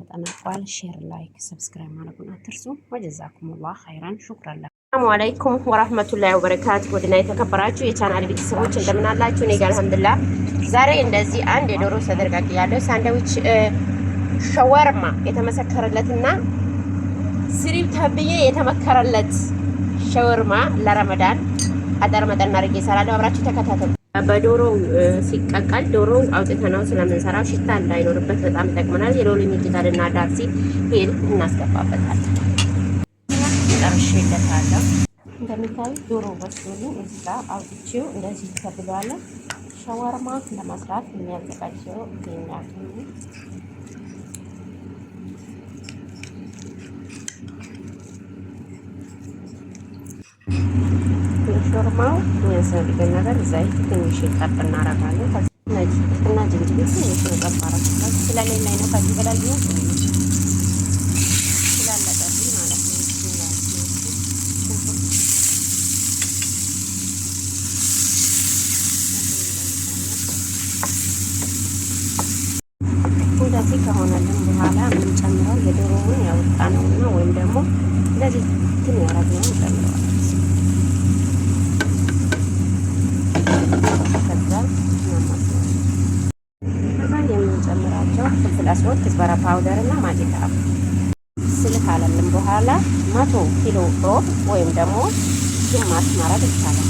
ተጠናቋል። ሼር፣ ላይክ፣ ሰብስክራይብ ማድረጉን አትርሱ። ወጀዛኩሙላህ ኸይራን ሹክራን። ሰላሙ አለይኩም ወራህመቱላሂ ወበረካቱ። ወድና የተከበራችሁ የቻናል ቤተሰቦች እንደምን አላችሁ? እኔ ጋር አልሐምዱሊላህ። ዛሬ እንደዚህ አንድ የዶሮ ሰደርጋቂ ያለው ሳንድዊች ሸወርማ የተመሰከረለትና ስሪብ ተብዬ የተመከረለት ሸወርማ ለረመዳን አጠር መጠን ማድረግ ይሰራለሁ። አብራችሁ ተከታተሉ። በዶሮ ሲቀቀል ዶሮ አውጥተናው ስለምንሰራው ሽታ እንዳይኖርበት በጣም ይጠቅመናል። የሎሊ ሚጥጥር እና ዳርሲ ሄል እናስገባበታለን። ጠርሽለታለሁ እንደሚታዩ ዶሮ በስሉ እዚህ ጋር አውጥቼው እንደዚህ ተብሏለ። ሸዋርማ ለመስራት የሚያዘጋጀው ይገኛል። ሾርማው የሚያስፈልገን ነገር ዘይት ትንሽ ጠብ እናደርጋለን። እና ጅንጅብል ትንሽ ነው ጠብ አደረግኩት። ነው ከዚህ በላይ ነው። እንደዚህ ከሆነልን በኋላ የምንጨምረው የዶሮውን ያወጣ ነውና ወይም ደግሞ እንደዚህ ትን ያረግነው የምንጨምራቸው ፍልፍል አስሮት ክዝበራ ፓውደር እና ማዲካ ስል በኋላ መቶ ኪሎ ዶፍ ወይም ደግሞ ግማሽ ማረግ ይቻላል።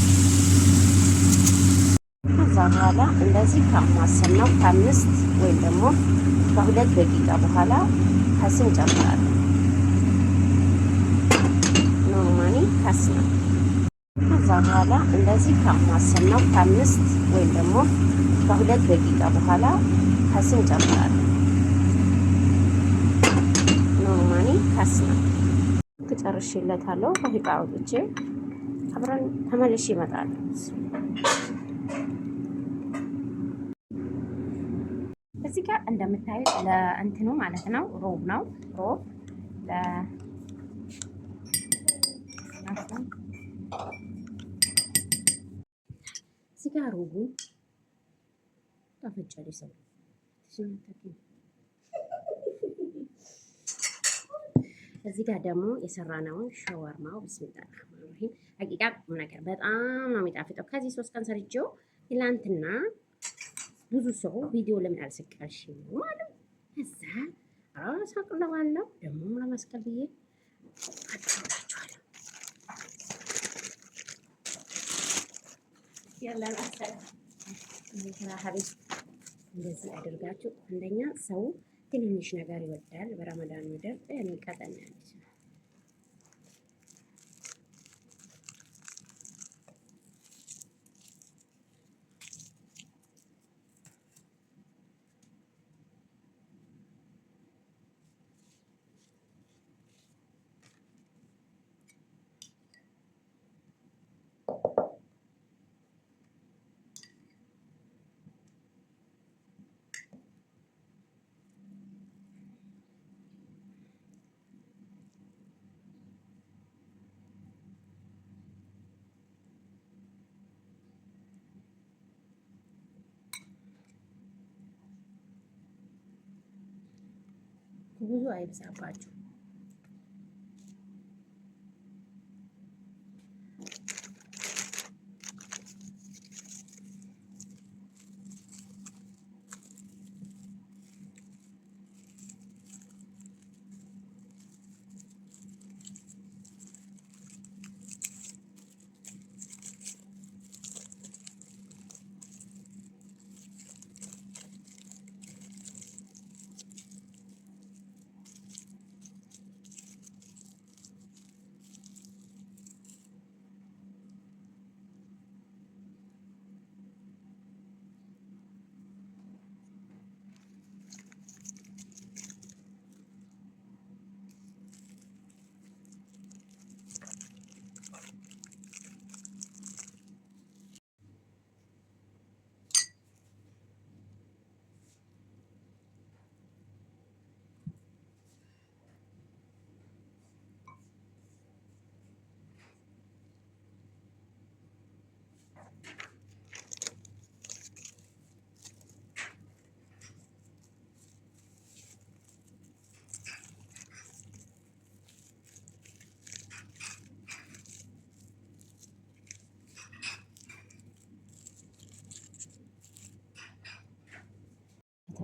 ከዛ በኋላ እንደዚህ ከማሰናው ከአምስት ወይም ደግሞ ከሁለት ደቂቃ በኋላ ከስ እንጨምራለን። ኖርማኒ ከስ ነው። ከዛ በኋላ እንደዚህ ከአማሰል ነው ከአምስት ወይም ደግሞ ከሁለት ደቂቃ በኋላ ከስን ጨምራለሁ። ኖርማኒ ከስ ነው ጨርሼለታለሁ። ከፊቃ አውጥቼ አብረን ተመልሼ ይመጣል። እዚህ ጋር እንደምታዩት ለእንትኑ ማለት ነው ሮብ ነው ሮብ እዚህ ጋር ሮቡ ጣፈጫ ሰው እዚህ ጋር ደግሞ የሰራነውን ሸዋርማው ብስሚላ ራህማን ራሂም ሀቂቃ ቁም ነገር በጣም ነው የሚጣፍጠው። ከዚህ ሶስት ቀን ሰርቼው ትላንትና ብዙ ሰው ቪዲዮ ለምን አልሰቀልሽም ማለት እዛ አሳቅለዋለሁ ደግሞ ለማስቀል ብዬ እንደዚህ አድርጋችሁ አንደኛ ሰው ትንንሽ ነገር ይወዳል። በረመዳን ወደር ቀጠን ያለች ብዙ አይብዛባችሁ።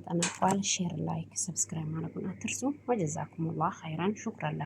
ተጠናቋል። ሼር፣ ላይክ፣ ሰብስክራይብ ማድረጉን አትርሱ። ወጀዛኩሙላህ ኸይራን ሹክረን